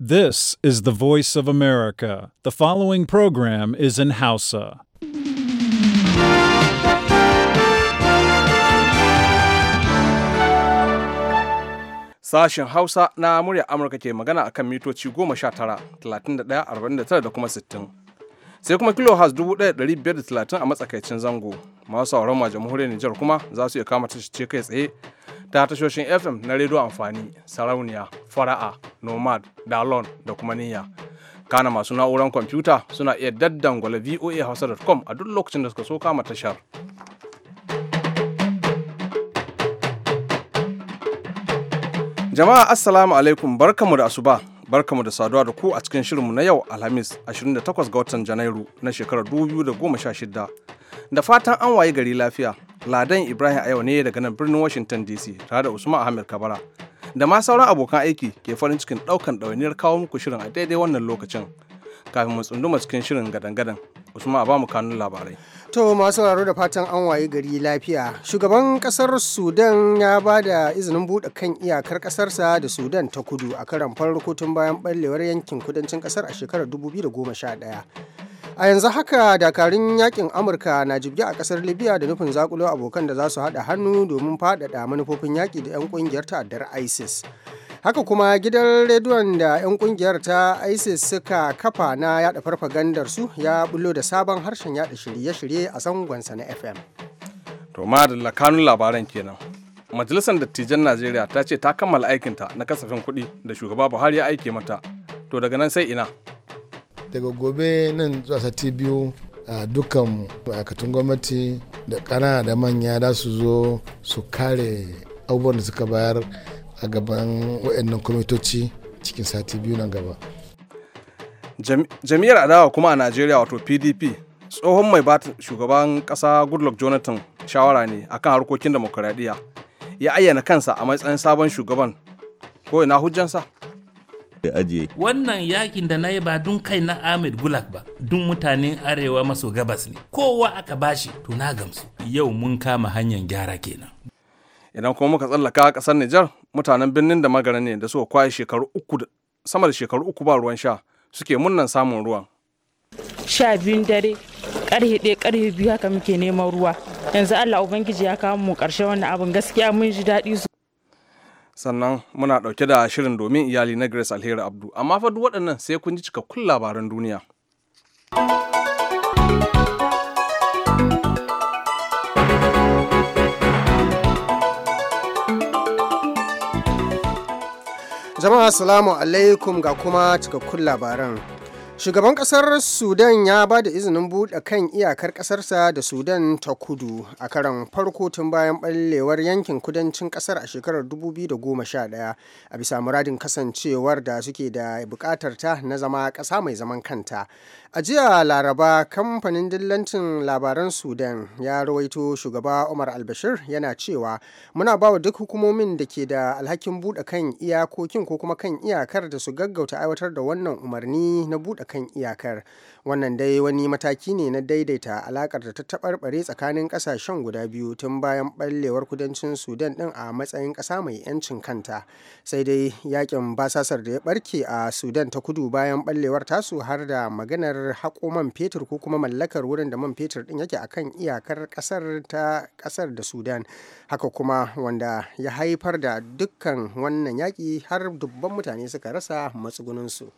This is the voice of America. The following program is in Hausa. Sashen Hausa na murya Amurka ke magana akan mitoci goma 19, 31, 49 da kuma 60. Sai kuma kilohertz 1530 a matsakaicin zango. Masu sauran ma jamhuriyar Nijar kuma za su iya kama tashi kai tsaye ta tashoshin FM na rediyo amfani, sarauniya, fara'a, nomad, dalon da kuma niyya. Kana masu na'urar kwamfuta suna iya daddangwala voahausa.com a duk lokacin da suka so kama tashar. Jama'a Assalamu alaikum barkamu da asuba. Barkamu da saduwa da ku a cikin shirinmu na yau Alhamis 28 ga watan Janairu na shekarar 2016. Da fatan an waye gari lafiya. Ladan Ibrahim a yau ne daga nan birnin Washington DC tare da Usman Ahmed Kabara. Da ma sauran abokan aiki ke farin cikin ɗaukan ɗawainiyar kawo muku shirin a daidai wannan lokacin. Kafin mu tsunduma cikin shirin gadan-gadan, Usman a ba mu kanun labarai. To masu sauraro da fatan an waye gari lafiya. Shugaban kasar Sudan ya ba da izinin buɗe kan iyakar kasarsa da Sudan ta kudu a karan farko tun bayan ɓallewar yankin kudancin kasar a shekarar 2011. A yanzu haka dakarun yakin Amurka na jibge a kasar Libya da nufin zakulo abokan da za su haɗa hannu domin faɗaɗa manufofin yaki da 'yan ƙungiyar ta'addar ISIS. haka kuma gidan rediyon da 'yan ƙungiyar ta isis suka kafa na yada farfagandar su ya bullo da sabon harshen yaɗa shirye-shirye a zangonsa na fm to ma da labaran kenan majalisar dattijan najeriya ta ce ta kammala aikinta na kasafin kuɗi da shugaba buhari ya aike mata to daga nan sai ina daga gobe nan zuwa sati biyu a dukkan ma'aikatan gwamnati da ƙana da manya za su zo su kare abubuwan da suka bayar a gaban waɗannan kwamitoci cikin sati biyu nan gaba jam'i'ar adawa kuma a najeriya wato pdp tsohon mai ba shugaban kasa goodluck jonathan shawara ne akan harkokin demokuraɗiyya ya ayyana kansa a matsayin sabon shugaban ko ina hujjansa da ajiye. Wannan yakin da na yi ba dun kai na Ahmed Gulak ba, dun mutanen arewa maso gabas ne. Kowa aka bashi to na gamsu. Yau mun kama hanyar gyara kenan. Idan kuma muka tsallaka a kasar Nijar, mutanen birnin da magana ne da suka kwaye shekaru uku sama da shekaru uku ba ruwan sha suke munnan samun ruwan. Sha biyun dare, ƙarfe ɗaya ƙarfe biyu haka muke neman ruwa. Yanzu Allah Ubangiji ya kawo mu ƙarshe wannan abin gaskiya mun ji daɗi su. sannan muna dauke da shirin domin iyali na grace alheri abdu amma fa duk waɗannan sai kun ji cikakkun labaran duniya jama'a assalamu alaikum ga kuma cikakkun labaran Shugaban kasar Sudan ya ba da izinin buɗe kan iyakar kasarsa da Sudan ta kudu a karan farko tun bayan ɓallewar yankin kudancin kasar a shekarar 2011 a bisa muradin kasancewar da suke da buƙatar ta na zama ƙasa mai zaman kanta. A jiya Laraba kamfanin dillancin labaran Sudan ya rawaito shugaba umar Albashir yana cewa muna ba wa duk hukumomin da ke da alhakin buɗe kan iyakokin ko kuma kan iyakar da su gaggauta aiwatar da wannan umarni na buɗe kan iyakar. wannan dai wani mataki ne na daidaita alakar da ta tabarbare tsakanin ƙasashen guda biyu tun bayan ɓallewar kudancin sudan din a matsayin ƙasa mai 'yancin kanta sai dai yakin basasar da ya ɓarke a sudan ta kudu bayan ɓallewar tasu har da maganar haƙo man fetur ko kuma mallakar wurin da man fetur din yake akan iyakar ƙasar ta ƙasar da sudan haka kuma wanda ya haifar da dukkan wannan yaƙi har dubban mutane suka rasa matsugunansu.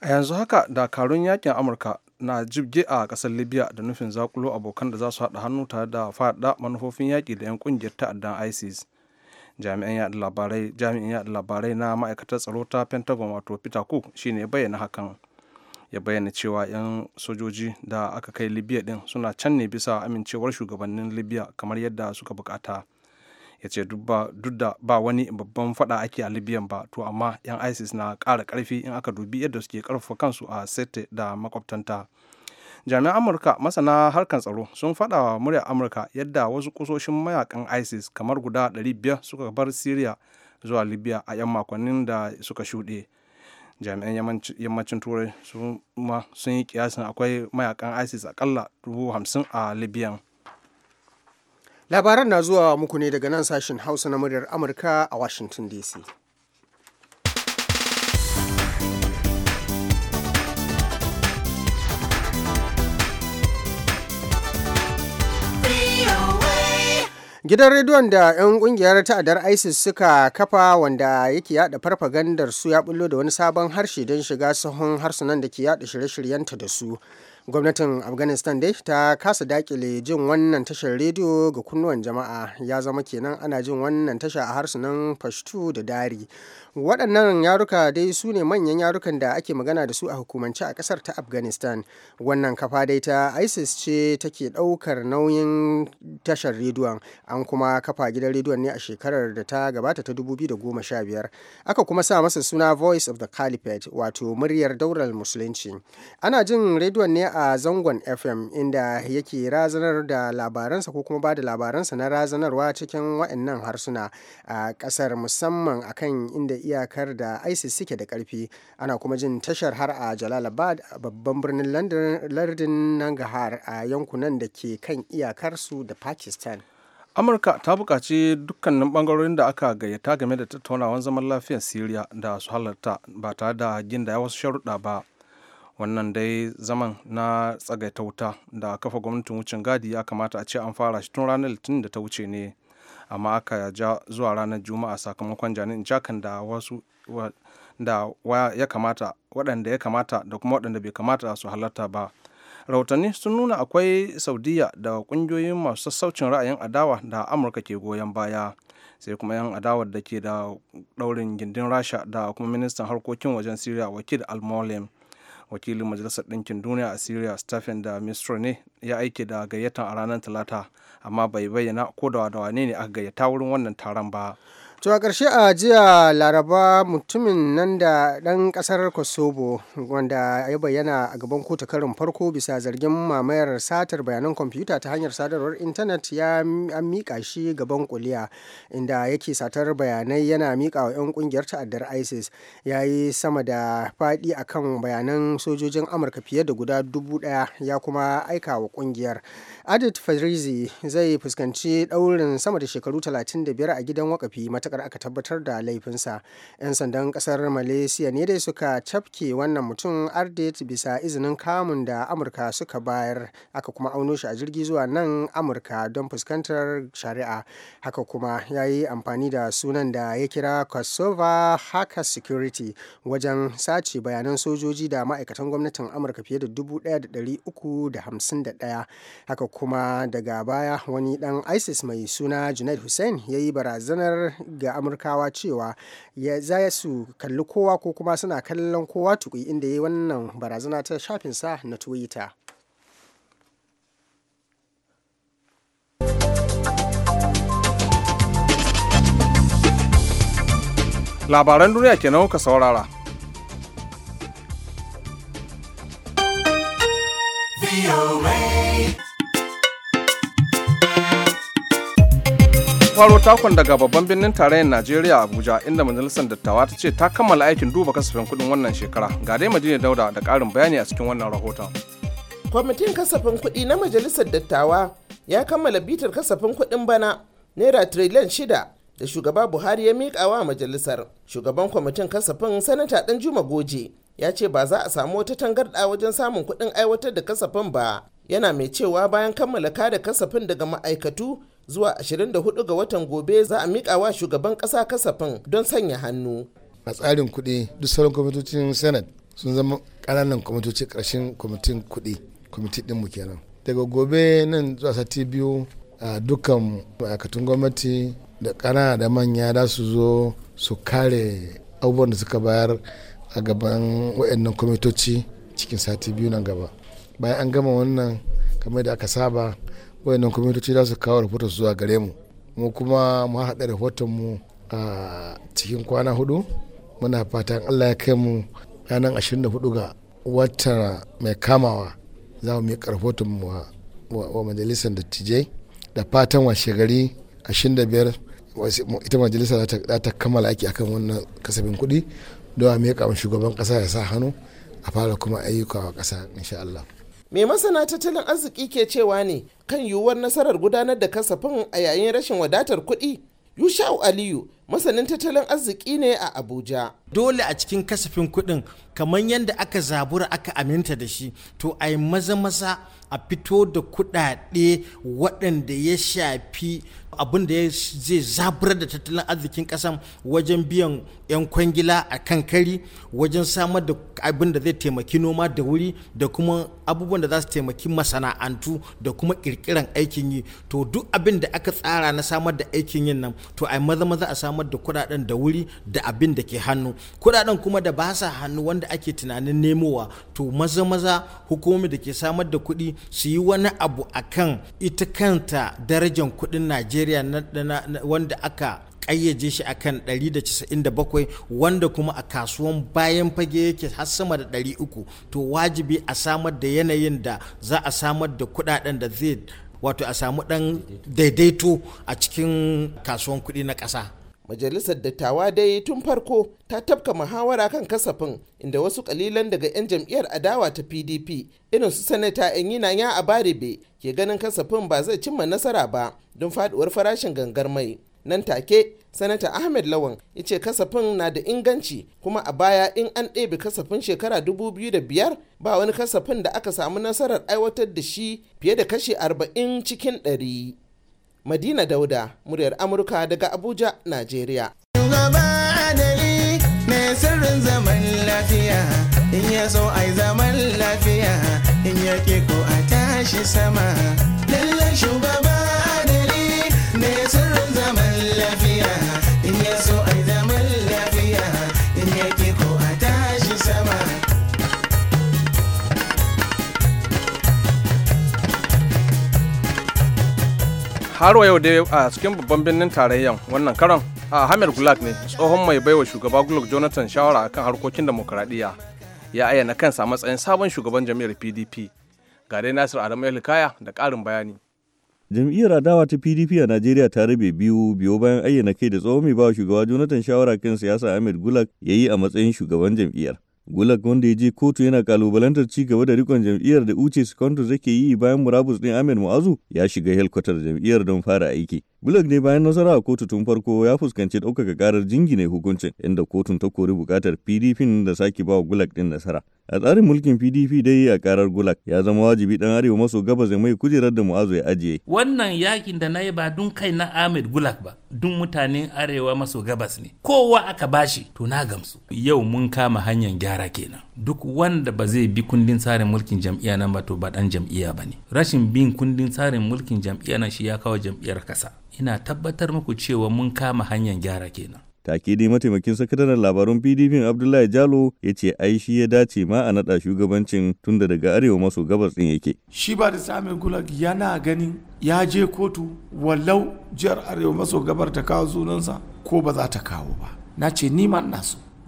a yanzu haka dakarun yakin amurka na jibge a kasar libya da nufin zakulo abokan da za su haɗa hannu tare da faɗa manufofin yaƙi da 'yan ƙungiyar ta'addan isis jami'an yaɗa labarai jami'in yaɗa labarai na ma'aikatar tsaro ta pentagon wato peter cook shine ya bayyana hakan ya bayyana cewa 'yan sojoji da aka kai libya din suna can ne bisa amincewar shugabannin libya kamar yadda suka bukata ya ce duk da ba wani babban fada ake a libyan ba to amma 'yan isis na ƙara ƙarfi in aka dubi yadda suke ƙarfafa kansu a sete da makwabtanta jami'an amurka masana harkar tsaro sun faɗawa wa muryar amurka yadda wasu kusoshin mayakan isis kamar guda 500 suka bar syria zuwa libya a 'yan makonnin da suka shuɗe jami'an yammacin turai sun yi kiyasin akwai mayakan isis akalla 50 a libyan labaran na zuwa muku ne daga nan sashen hausa na muryar amurka a washington dc gidan rediyon da 'yan kungiyar ta'adar isis suka kafa wanda yake yada farfagandar su ya bullo da wani sabon harshe don shiga sahun harsunan da ke yada shirye-shiryenta da su gwamnatin afghanistan dai ta kasa dakile jin wannan tashar rediyo ga kunnuwan jama'a ya zama kenan ana jin wannan tasha a harsunan fashtu da dari waɗannan yaruka dai su ne manyan yarukan da ake magana da su a hukumance a ƙasar ta afghanistan wannan kafa dai ta isis ce take ɗaukar nauyin tashar rediyon an kuma kafa gidan rediyon ne a shekarar da ta gabata ta 2015 aka kuma sa masa suna voice of the caliphate wato muryar daular musulunci ana jin rediyon ne a zangon fm inda yake razanar da labaransa ko kuma ba da labaransa na razanarwa cikin waɗannan harsuna a ƙasar musamman akan inda iyakar da isis suke da karfi ana kuma jin tashar har a jalalabad babban birnin lardin nangahar a yankunan da ke kan iyakar su da pakistan amurka ta bukaci dukkanin bangarorin da aka gayyata game da tattaunawan zaman lafiyar siriya da su halarta ba tare da ya wasu sharuɗa ba wannan dai zaman na tsagaita wuta da kafa gwamnatin wucin gadi ya kamata a ce an fara shi tun ranar litinin da ta wuce ne amma aka ja zuwa ranar juma'a sakamakon janin jakan da wasu da ya kamata waɗanda ya kamata da kuma waɗanda bai kamata su halarta ba rahotanni sun nuna akwai saudiya da ƙungiyoyin masu sassaucin ra'ayin adawa da amurka ke goyon baya sai kuma yan adawar da ke da ɗaurin gindin rasha da kuma ministan harkokin wajen siriya wakil al-molim wakilin majalisar ɗinkin duniya a syria stephen da mistro ne ya aike da gayyata a ranar talata amma bai bayyana ko da wane ne aka gayyata wurin wannan taron ba To a ƙarshe a jiya laraba mutumin nan da ɗan ƙasar Kosovo wanda ya bayyana a gaban kotu karin farko bisa zargin mamayar satar bayanan kwamfuta ta hanyar sadarwar intanet ya miƙa shi gaban kuliya inda yake satar bayanai yana miƙa wa 'yan ƙungiyar ta'addar ISIS ya yi sama da faɗi a kan bayanan sojojin Amurka fiye da guda dubu ɗaya ya kuma aika wa ƙungiyar. Adit Farizi zai fuskanci ɗaurin sama da shekaru talatin da biyar a gidan wakafi matuƙa matukar aka tabbatar da laifinsa 'yan sandan kasar malaysia ne dai suka cafke wannan mutum ardet bisa izinin kamun da amurka suka bayar aka kuma auno shi a jirgi zuwa nan amurka don fuskantar shari'a haka kuma ya yi amfani da sunan da ya kira kosova haka security wajen sace bayanan sojoji da ma'aikatan gwamnatin amurka fiye da da da uku ɗaya haka kuma daga baya wani dan isis mai suna junaid hussein ya yi barazanar ga amurkawa cewa ya zaya su kalli kowa ko kuma suna kallon kowa tukui inda ya yi wannan barazana ta shafinsa na twitter labaran duniya ke kenan ka saurara VOA. faro takon daga babban birnin tarayyar Najeriya Abuja inda majalisar dattawa ta ce ta kammala aikin duba kasafin kuɗin wannan shekara. Ga dai Madina Dauda da ƙarin bayani a cikin wannan rahoton. Kwamitin kasafin kuɗi na majalisar dattawa ya kammala bitar kasafin kuɗin bana naira tiriliyan shida da shugaba Buhari ya miƙa wa majalisar. Shugaban kwamitin kasafin sanata juma Goje ya ce ba za a samu wata tangarɗa wajen samun kuɗin aiwatar da kasafin ba. Yana mai cewa bayan kammala kada kasafin daga ma'aikatu zuwa 24 ga watan gobe za a mika wa shugaban kasa kasafin don sanya hannu a tsarin kuɗi duk sauran kwamitocin senate sun zama kananan kwamitoci ƙarshen kwamitin kuɗi kwamiti mu kenan daga gobe nan zuwa sati biyu a dukkan ma'aikatan gwamnati da ƙanana da manya za su zo su kare abubuwan da suka bayar a gaban wa'annan kwamitoci cikin sati biyu nan gaba bayan an gama wannan kamar da aka saba wayannan kwamitoci za su kawo rahoton zuwa gare mu mu kuma mu haɗa rahoton mu a cikin kwana hudu muna fatan allah ya kai mu ranar hudu ga wata mai kamawa za mu miƙa rahoton mu wa majalisar dattijai da fatan washe gari biyar ita majalisa za ta kammala aiki akan wannan kasafin kuɗi don a miƙa shugaban ƙasa ya sa hannu a fara kuma ayyuka wa ƙasa insha Allah. mai masana tattalin arziki ke cewa ne kan yiwuwar nasarar gudanar da kasafin a yayin rashin wadatar kuɗi yushau aliyu masanin tattalin arziki ne a abuja dole a cikin kasafin kuɗin kamar yadda aka zabura aka aminta da shi to a yi maza-maza a fito da kudade waɗanda ya shafi abin da zai zabura da tattalin arzikin ƙasan wajen biyan 'yan kwangila a kan kari wajen samar da abin da zai taimaki noma da wuri da kuma abubuwan da za su taimaki masana'antu da kuma ƙirƙiran aikin yi to duk abin da aka tsara na samar da aikin yin nan to a maza maza a samar da kuɗaɗen da wuri da abin da ke hannu kuɗaɗen kuma da ba sa hannu wanda ake tunanin nemowa to maza maza hukumomi da ke samar da kuɗi su yi wani abu a kan ita kanta darajar kuɗin najeriya wanda aka ƙayyaje shi akan 197 wanda kuma a kasuwan bayan fage yake har sama da 300 to wajibi a samar da yanayin da za a samar da kuɗaɗen da zai wato a samu ɗan daidaito a cikin kasuwan kuɗi na ƙasa majalisar dattawa dai tun farko ta tafka muhawara kan kasafin inda wasu kalilan daga 'yan jam'iyyar adawa ta pdp irin su sanata na ya abaribe ke ganin kasafin ba zai cimma nasara ba don faduwar farashin gangar mai nan take sanata ahmed lawan ya ce kasafin na da inganci kuma a baya in an ɗebe kasafin shekara 2005 ba wani kasafin da aka samu nasarar aiwatar da shi fiye da kashi 40 cikin 100 Madina Dauda, muryar Amurka daga Abuja, Najeriya. Shugaba sama. Lallan shugaba adali ne sirrin zaman lafiya. har wa yau dai a cikin babban birnin tarayyan wannan karon a hamid gulag ne tsohon mai baiwa shugaba gulag jonathan shawara akan harkokin demokuraɗiyya ya ayyana kansa a matsayin sabon shugaban jam'iyyar pdp ga dai nasir adamu ya da ƙarin bayani jam'iyyar adawa ta pdp a najeriya ta rabe biyu biyo bayan ayyana kai da tsohon mai bawa shugaba jonathan shawara kan siyasa ahmed gulag ya yi a matsayin shugaban jam'iyyar Gulak wanda ya je kotu yana kalubalantar ci gaba da rikon jam'iyyar da Uche zai zake yi bayan murabus ɗin Ahmed Mu'azu ya shiga helkwatar jam'iyyar don fara aiki. Gulag ne bayan nasara a kotu tun farko ya fuskanci ɗaukaka karar jingine hukuncin inda kotun ta kori bukatar PDP da sake ba wa Gulak ɗin nasara. A tsarin mulkin PDP dai a karar Gulak ya zama wajibi ɗan arewa maso gabas ya mai kujerar da Mu'azu ya ajiye. Wannan yakin da na yi ba dun kai na Ahmed Gulak ba, dun mutanen arewa maso gabas ne. Kowa aka bashi to na gamsu. Yau mun kama hanyar gyara kenan. duk wanda ba zai bi kundin tsarin mulkin jam'iyya nan ba to ba dan jam'iyya ba ne rashin bin kundin tsarin mulkin jam'iyya nan shi ya kawo jam'iyyar kasa ina tabbatar muku cewa mun kama hanyar gyara kenan take dai mataimakin sakataren labarun pdp abdullahi jalo ya ce ai shi ya dace ma a naɗa shugabancin tunda daga arewa maso gabas din yake shi ba da sami gulag yana ganin ya je kotu wallau jihar arewa maso gabar ta kawo sunansa ko ba za ta kawo ba na ce ni ma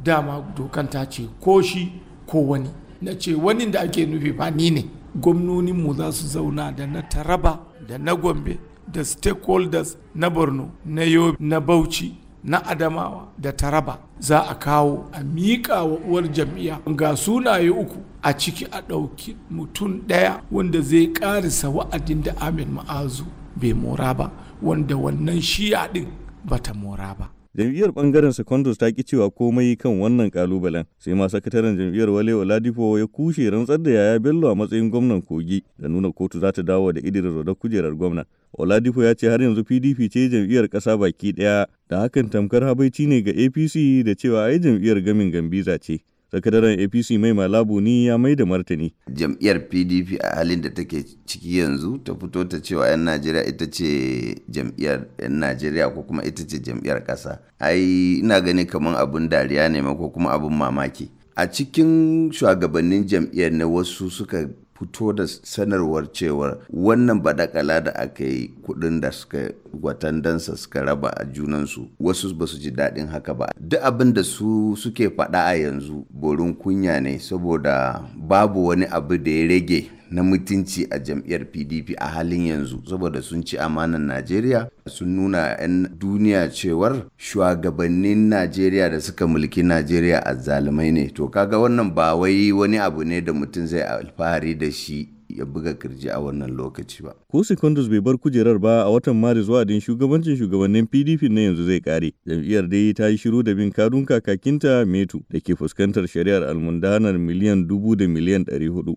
dama dokan ta ce ko shi ko wani na ce wani da ake nufi ba ni ne gwamnoninmu za su zauna da na taraba da na gombe da stakeholders na borno na yobe na bauchi na adamawa da taraba za a kawo a miƙa wa uwar jam'iyya ga sunaye uku a ciki a ɗauki mutum ɗaya wanda zai ƙarisa wa'adin da amin ma'azu bai mora ba wanda wannan shiya ɗin bata mora ba jam'iyyar bangaren secondus ta ki cewa komai kan wannan kalubalen sai ma sakataren jam'iyyar wale oladipo ya kushe rantsar da yaya bello a matsayin gwamnan kogi da nuna kotu za ta dawo da idirin rodar kujerar gwamna oladipo ya ce har yanzu pdp ce jam'iyyar ƙasa baki ɗaya da hakan tamkar habaici ne ga apc da cewa ai jam'iyyar gamin gambiza ce sakataren apc mai malabu ni ya mai da martani jam'iyyar pdp a halin da take ciki yanzu ta fito ta cewa 'yan najeriya ita ce jam'iyyar 'yan najeriya ko kuma ita ce jam'iyyar ƙasa ai ina gani kamar abun dariya ne ma ko kuma abin mamaki a cikin shugabannin jam'iyyar ne wasu suka fito da sanarwar cewar wannan badakala da aka yi kudin da suka watandansa suka raba a junansu wasu ba su ji daɗin haka ba duk abin da su suke faɗa a yanzu borin kunya ne saboda babu wani abu da ya rage na mutunci a jam'iyyar pdp a halin yanzu saboda sun ci amanan najeriya sun nuna 'yan duniya cewar shugabannin najeriya da suka mulki najeriya a zalimai ne to kaga wannan ba wai wani abu ne da mutum zai alfahari da shi ya buga kirji a wannan lokaci ba. Ko Secondus bai bar kujerar ba a watan Maris din shugabancin shugabannin PDP na yanzu zai kare. Jam'iyyar dai ta yi shiru da bin kadun kakakinta Metu da ke fuskantar shari'ar almundanar miliyan dubu da miliyan ɗari hudu.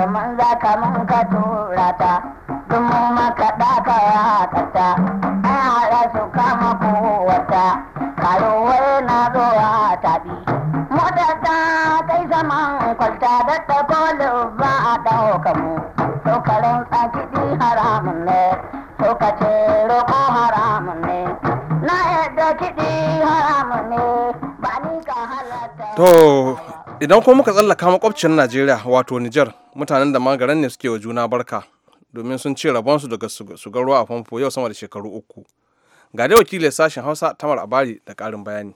mu manza kaman ka tura ta duk mu maka daka ya kata an haɗa su kama kowata karuwai na zuwa tabi motar ta kai saman kwalta da ta kolin ba a ɗauka mu sokarin tsakidi haramun ne sokace roƙo haramun ne na yadda kiɗi haramun ne ba ni ka halatta To idan kuma muka tsallaka makwabcin najeriya wato nijar mutanen da magaran ne suke wa juna barka domin sun ce rabonsu daga su ruwa a famfo yau sama da shekaru uku ga dai wakilin sashen hausa tamar abari da karin bayani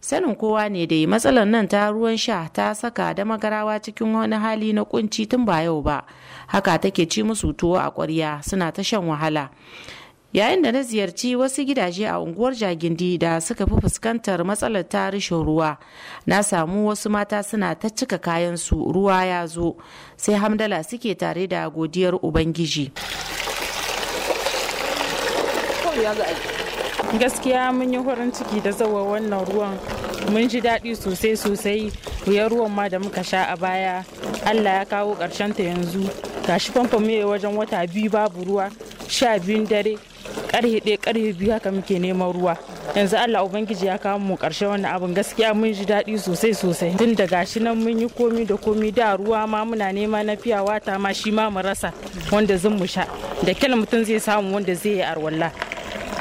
sanin kowa ne dai matsalar nan ta ruwan sha ta saka da magarawa cikin wani hali na kunci tun ba yau ba haka take ci musu tuwo a kwarya suna ta shan wahala yayin da na ziyarci wasu gidaje a unguwar jagindi da suka fi fuskantar matsalar ta rashin ruwa na samu wasu mata suna ta cika kayansu ruwa ya zo sai hamdala suke tare da godiyar ubangiji gaskiya mun yi horon ciki da zawa wannan ruwan mun ji daɗi sosai sosai wuyar ruwan ma da muka sha a baya allah ya kawo ƙarshen ta yanzu gashi famfam wajen wata biyu babu ruwa sha biyun dare karhe ɗaya karhe biyu haka muke neman ruwa yanzu allah ubangiji ya kawo mu karshe wannan abin gaskiya mun ji daɗi sosai sosai tun da gashi nan mun yi komi da komi da ruwa ma muna nema na fiya wata ma shi ma mu rasa wanda zan mu sha da kyal mutum zai samu wanda zai yi arwalla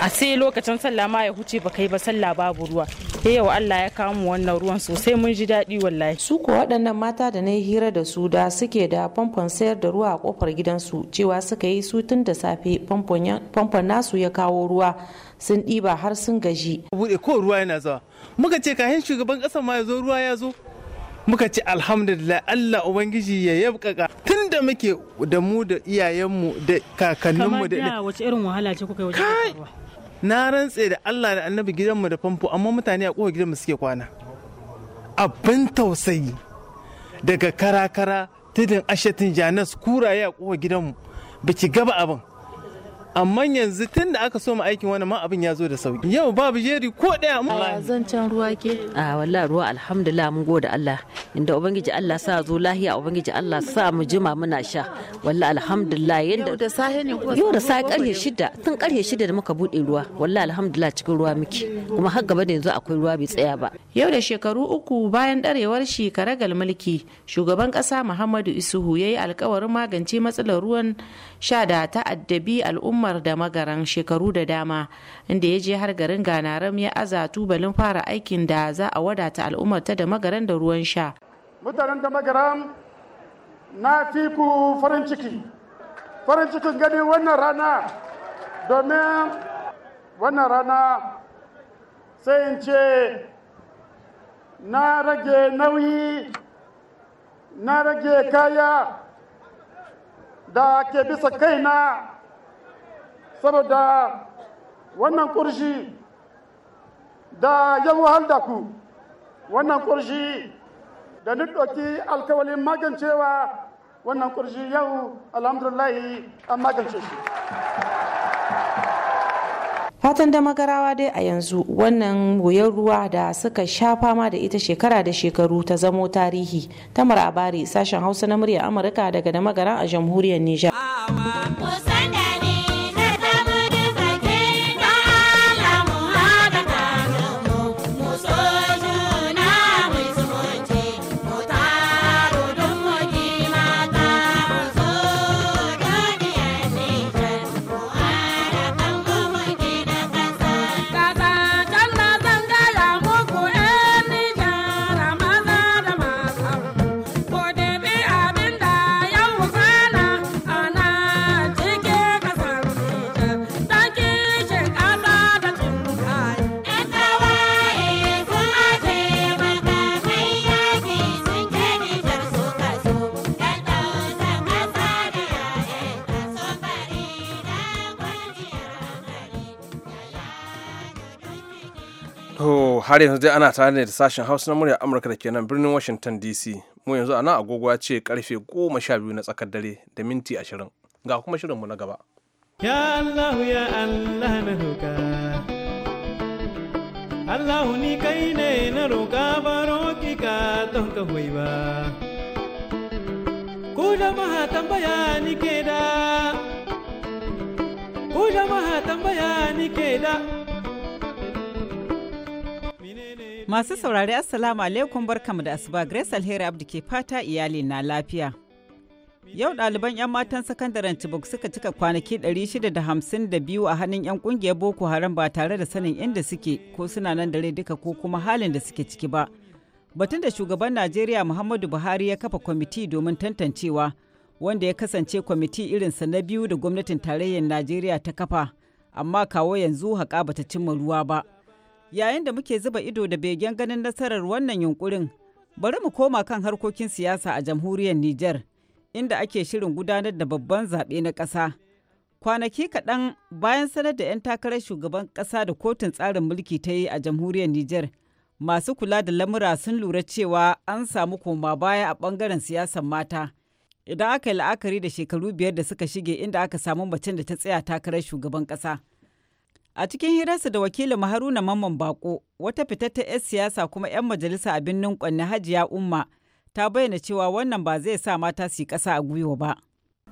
a sai lokacin sallah ma ya huce ba kai ba sallah babu ruwa yau Allah ya kawo mu wannan ruwan sosai mun ji daɗi wallahi su ko waɗannan mata da na yi hira da su da suke da famfon sayar da ruwa a kofar gidansu cewa suka yi su tun da safe famfon nasu ya kawo ruwa sun ɗiba har sun gaji. Bude ko ruwa yana zawa muka ce kayan shugaban ƙasa ma ya zo ruwa ya zo muka ce alhamdulillah Allah Ubangiji ya yabkaka tun da muke da mu da iyayenmu da kakanninmu da wace irin wahala ce kuka yi wajen ruwa na rantse da Allah da annabi gidanmu da famfo amma mutane a kowa gidanmu suke kwana abin tausayi daga karakara kara tudun ashatin janas kuraye a kowa gidanmu ba ki gaba abin amma yanzu tun da aka so mu aikin wani ma abin ya zo da sauki yau babu jeri ko daya mu zan can ruwa ke a wallahi ruwa alhamdulillah mun gode Allah inda ubangiji Allah sa zo lahiya ubangiji Allah sa mu jima muna sha wallahi alhamdulillah yanda yau da safe ne yau da safe karhe shida tun karhe shida da muka bude ruwa wallahi alhamdulillah cikin ruwa muke kuma har gaba da yanzu akwai ruwa bai tsaya ba yau da shekaru uku bayan darewar shi karagal mulki shugaban kasa Muhammadu Isuhu yayi alkawarin magance matsalar ruwan sha da addabi al'umma al'ummar da magaran shekaru da dama inda ya je har garin ganaram ya aza tubalin fara aikin da za a wadata al'ummar ta da magaran da ruwan sha mutanen da magaram na fi ku farin ciki farin cikin ganin wannan rana domin wannan rana sai in ce na rage nauyi na rage kaya da ke bisa kaina saboda wannan kurshi da ya wahal da ku wannan kurshi da duk alkawalin magancewa wannan kurshi yau alhamdulillahi an magance shi fatan da magarawa dai a yanzu wannan wuyan ruwa da suka sha fama da ita shekara da shekaru ta zamo tarihi tamar abari sashen hausa na murya amurka daga da magaran a jamhuriyar nijar har yanzu dai ana tare da sashen hausa na murya amurka da kenan birnin washington dc mu yanzu a nan a ce karfe goma sha biyu na tsakar dare da minti ashirin ga kuma shirinmu na gaba ya allah ya allah na roka allah ni kai ne na roka baro ki ka don ka hoyi ba ku jama'a tambaya ni ke da ku jama'a tambaya ni ke da Masu saurari Assalamu alaikum barkamu da asuba Grace Alheri Abdi ke fata iyali na lafiya. Yau ɗaliban 'yan matan sakandaren Chibok suka cika kwanaki 652 a hannun 'yan ƙungiyar Boko Haram ba tare da sanin inda suke ko suna nan dare duka ko kuma halin da suke ciki ba. Batun da shugaban Najeriya Muhammadu Buhari ya kafa kwamiti domin tantancewa wanda ya kasance kwamiti irinsa na biyu da gwamnatin tarayyar Najeriya ta kafa amma kawo yanzu haƙa bata cimma ruwa ba. yayin da muke zuba ido da begen ganin nasarar wannan yunkurin bari mu koma kan harkokin siyasa a jamhuriyar Nijar inda ake shirin gudanar da babban zaɓe na ƙasa. Kwanaki kaɗan bayan sanar da 'yan takarar shugaban ƙasa da kotun tsarin mulki ta yi a jamhuriyar Nijar, masu kula da lamura sun lura cewa an samu koma baya a ɓangaren siyasar mata. Idan aka yi la'akari da shekaru biyar da suka shige inda aka samu macen da ta tsaya takarar shugaban ƙasa. A cikin hirarsa da wakilin Haruna Mamman Bako, wata fitatta 'yar siyasa kuma 'yan majalisa a birnin Kwanne Hajiya Umma ta bayyana cewa wannan ba zai sa mata su yi kasa a gwiwa ba.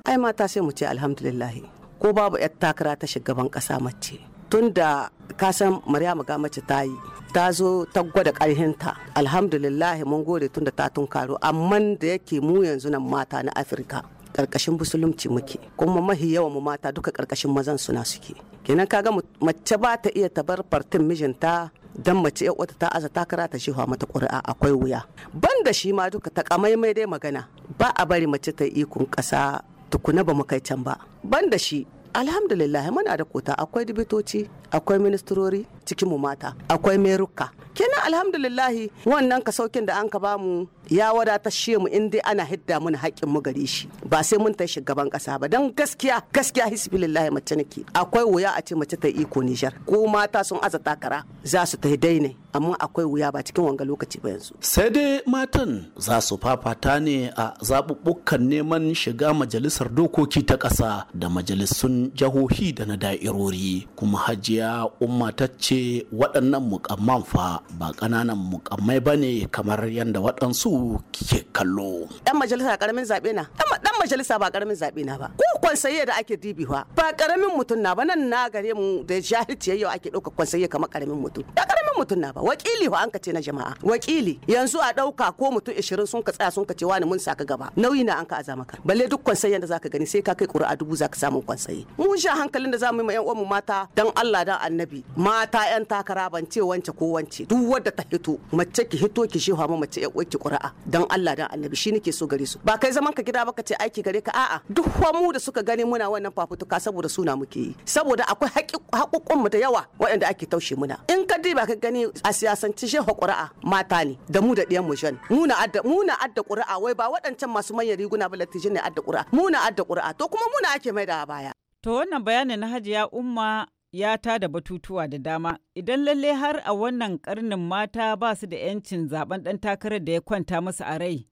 Ai mata sai mu ce alhamdulillahi ko babu 'yar takara ta shugaban kasa mace. Tun da kasan Maryama ga mace ta yi ta zo ta gwada ta alhamdulillahi mun gode tun da ta tunkaro amma da yake mu yanzu nan mata na Afirka karkashin musulunci muke kuma mahi yawan mu mata duka karkashin mazan suna suke kenan kaga mace ba ta iya tabar fartin mijinta dan mace ya wata ta aza ta ta shewa mata ƙuri'a akwai wuya banda shi ma duka ta kamaimai dai magana ba a bari mace ta yi ikon kasa tukuna ba mu kai can ba banda shi alhamdulillah muna da kota akwai dibitoci akwai ministrori cikin mu mata akwai meruka kenan alhamdulillah wannan kasaukin da an ka bamu ya wadatar shi mu in dai ana hidda mun haƙƙin mu gare shi ba sai mun tashi gaban ƙasa ba dan gaskiya gaskiya ya mace nake akwai wuya a ce mace ta iko Nijar ko mata sun aza takara za su dai ne amma akwai wuya ba cikin wanga lokaci ba yanzu sai dai matan za su fafata ne a zaɓuɓɓukan neman shiga majalisar dokoki ta ƙasa da majalisun jihohi da na da'irori kuma hajiya umma ta ce waɗannan mukamman fa ba ƙananan mukammai ba ne kamar yadda waɗansu kike kallo dan majalisa karamin zabe na dan majalisa ba karamin zabe na ba ko kwansaye da ake dibi ba ba karamin mutun na ba nan na gare mu da jahilci yau ake dauka kwansaye kamar karamin mutun Da karamin mutun na ba wakili ho an kace na jama'a wakili yanzu a dauka ko mutu 20 sun ka tsaya sun ka ce wani mun saka gaba nauyi na an ka azama ka balle duk kwansayen da zaka gani sai ka kai ƙuri'a dubu zaka samu kwansaye mun sha hankalin da za mu yi ma yan uwanmu mata dan Allah dan annabi mata yan takara ban ce wance ko wance duk wanda ta hito mace ki hito ki fa ma mace yan uwanki ƙuri'a Don dan Allah dan Annabi shi nake so gare su ba kai zaman ka gida ba ka ce aiki gare ka a'a duk mu da suka gani muna wannan fafutuka saboda suna muke yi saboda akwai haƙuƙun mu da yawa waɗanda ake taushe muna in ka diba ka gani a siyasance shi ƙuri'a mata ne da mu da ɗiyan mu shan mu na adda mu na adda wai ba waɗancan masu manyan riguna ba latijin ne adda ƙuri'a mu na adda ƙuri'a to kuma muna ake mai da baya To wannan bayanin na Hajiya Umma ya da batutuwa da dama idan lalle har a wannan karnin mata ba su da 'yancin zaben ɗan takarar da ya kwanta masu a rai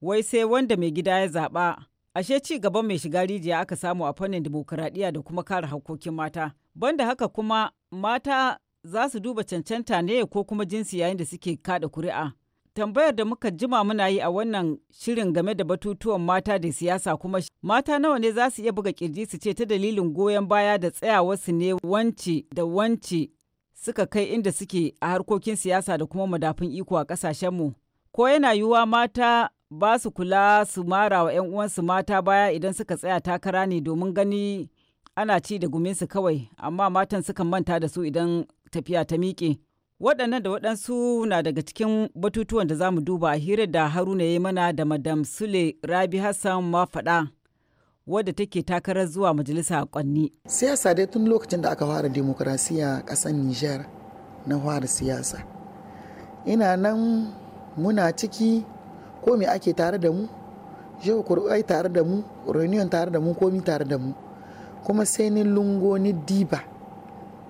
wai sai wanda mai gida ya zaɓa ashe ci gaban mai shiga rijiya aka samu a fannin dimokuraɗiyya da kuma kare hakokin mata banda haka kuma mata za su duba cancanta ne ko kuma jinsi yayin da suke kada kuri'a tambayar da muka jima muna yi a wannan shirin game da batutuwan mata da siyasa kuma mata nawa ne za su iya buga kirji su ce ta dalilin goyon baya da tsayawarsu ne wanci da wance suka kai inda suke a harkokin siyasa da kuma madafin iko a kasashenmu ko yana yiwuwa mata ba su kula su mara wa 'yan uwansu mata baya idan suka tsaya takara ne domin gani ana ci da guminsu kawai amma matan sukan manta da su idan tafiya ta miƙe. waɗannan da waɗansu na daga cikin batutuwan da za mu duba a hirar da haruna ya mana da madam sule rabi hassan mafaɗa wadda take takarar zuwa majalisa a kwanni siyasa dai tun lokacin da aka fara demokrasiya a ƙasar niger na fara siyasa ina nan muna ciki ko me ake tare da mu yau kuri'ai tare da mu reunion tare da mu komi tare da mu kuma sai ni lungo ni diba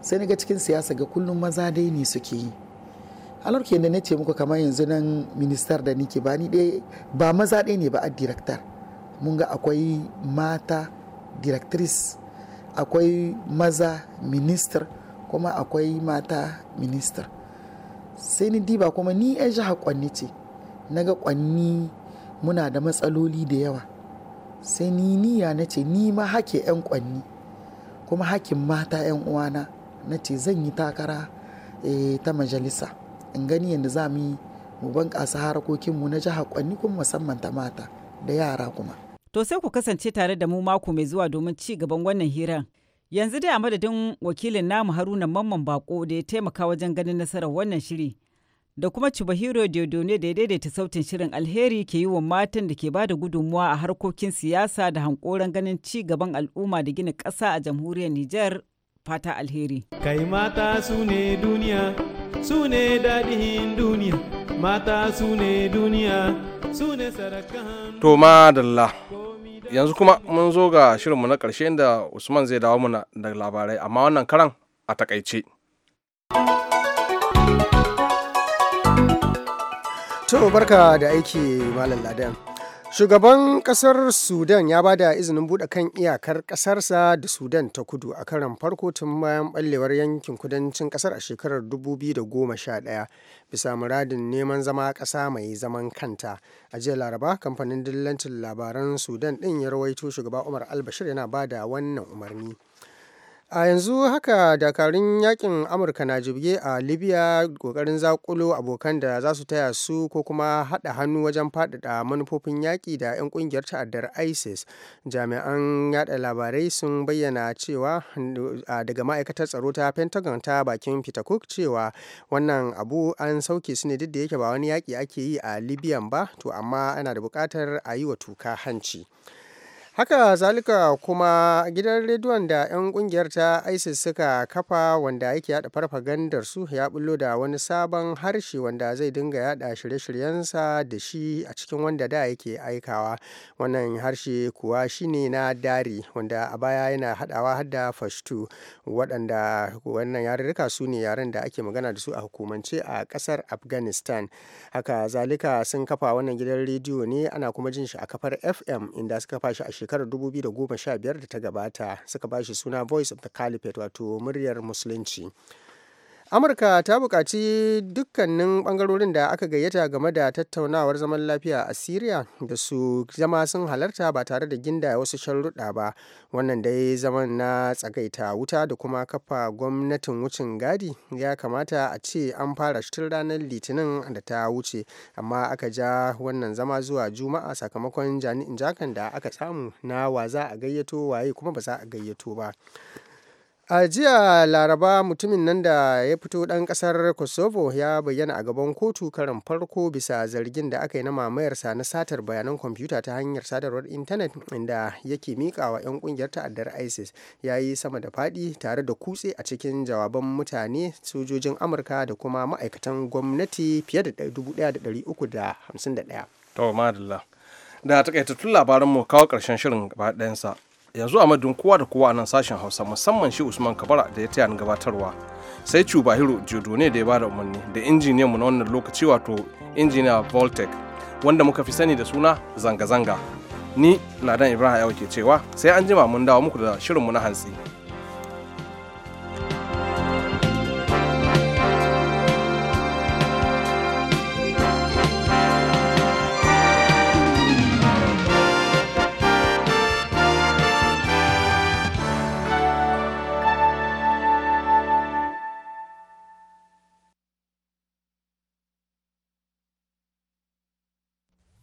sai na ga cikin siyasa ga kullum maza dai ne suke yi a yadda da na ce muku kamar yanzu nan ministar da nike ba ni dai ba maza dai ne ba a director mun ga akwai mata directris akwai maza minister kuma akwai mata minister sai ni diba kuma ni yan jihar kwanni ce na ga kwanni muna da matsaloli da yawa sai ni niya na ce ni ma hake yan kwanni kuma hakin mata yan uwana na ce zan yi takara eh, ta majalisa in gani yadda za mu yi mu bunƙasa harakokinmu na jihar kwanni kuma musamman ta mata da yara kuma. To sai ku kasance tare da mu mako mai zuwa domin ci gaban wannan hiran Yanzu dai a madadin wakilin namu Haruna Mamman Bako da ya taimaka wajen ganin nasarar wannan shiri. Da kuma Chubahiro Diodone da ya daidaita sautin shirin alheri ke yi wa matan da ke ba da gudunmuwa a harkokin siyasa da hankoran ganin ci gaban al'umma da gina ƙasa a jamhuriyar Nijar fata alheri. Kai mata su ne duniya, su ne daɗin duniya, mata su ne duniya, su ne To madalla, yanzu kuma mun zo ga shirinmu na karshe inda Usman zai dawo muna da labarai, amma wannan karan a takaice. To barka da aiki Malam Ladan. Shugaban ƙasar Sudan ya bada izinin buɗe kan iyakar ƙasarsa da Sudan ta kudu a karan farko tun bayan ɓallewar yankin kudancin ƙasar a shekarar 2011 bisa muradin neman zama ƙasa mai zaman kanta. A jiya Laraba, kamfanin dillancin labaran Sudan ɗin ya rawaito shugaba Umar al-Bashir yana bada wannan umarni. A yanzu haka dakarun yaƙin Amurka na jibge a Libya ƙoƙarin zaƙulo abokan da za su taya su ko kuma haɗa hannu wajen faɗaɗa manufofin yaƙi da 'yan ƙungiyar ta'addar ISIS. Jami'an yaɗa labarai sun bayyana cewa daga ma'aikatar tsaro ta Pentagon ta bakin Peter Cook cewa wannan abu an sauke su ne duk da yake ba wani yaƙi ake yi a Libyan ba to amma ana da buƙatar a yi wa tuka hanci. Haka zalika kuma gidan rediyon da 'yan kungiyar ta ISIS suka kafa wanda yake yada farfagandar su ya bullo da wani sabon harshe wanda zai dinga yada shirye-shiryensa da shi a cikin wanda da yake aikawa. Wannan harshe kuwa shine na Dari wanda a baya yana hadawa hadda fashtu wadanda waɗanda wannan yarurruka su ne yaren da ake magana da su a hukumance a kasar Afghanistan. Haka zalika sun kafa wannan gidan rediyo ne ana kuma jin shi a kafar FM inda suka kafa shi a shekarar 2015 da ta gabata suka bashi suna voice of the caliphate wato muryar musulunci Amurka ta buƙaci dukkanin ɓangarorin da aka gayyata game da tattaunawar zaman lafiya a syria da su zama sun halarta ba tare da ginda wasu sharruɗa ba, wannan dai zaman na tsagaita wuta da kuma kafa gwamnatin wucin gadi ya kamata a ce an fara shi tun ranar Litinin da ta wuce, amma aka ja wannan zama zuwa Juma'a sakamakon jami'in jakan da aka samu na wa za a gayyato waye kuma ba za a gayyato ba. a jiya laraba mutumin nan da ya fito ɗan ƙasar kosovo ya bayyana a gaban kotu karan farko bisa zargin da aka yi na mamayarsa na satar bayanan kwamfuta ta hanyar sadarwar intanet inda yake miƙa wa 'yan ƙungiyar ta'addar isis ya yi sama da faɗi tare da kutse a cikin jawaban mutane sojojin amurka da kuma ma'aikatan gwamnati fiye da 1351 to madalla da takaitattun labaranmu kawo ƙarshen shirin gaba ɗayansa yanzu a madun kowa da kowa nan sashen hausa musamman shi usman kabara da ya taya ni gabatarwa sai cubahiro jodo ne da ya bada umarni da injiniyan mu na wannan lokaci wato injiniya voltec wanda muka fi sani da suna zanga-zanga ni ladan ibrahim yau ke cewa sai an jima mun dawo muku da shirin mu na hantsi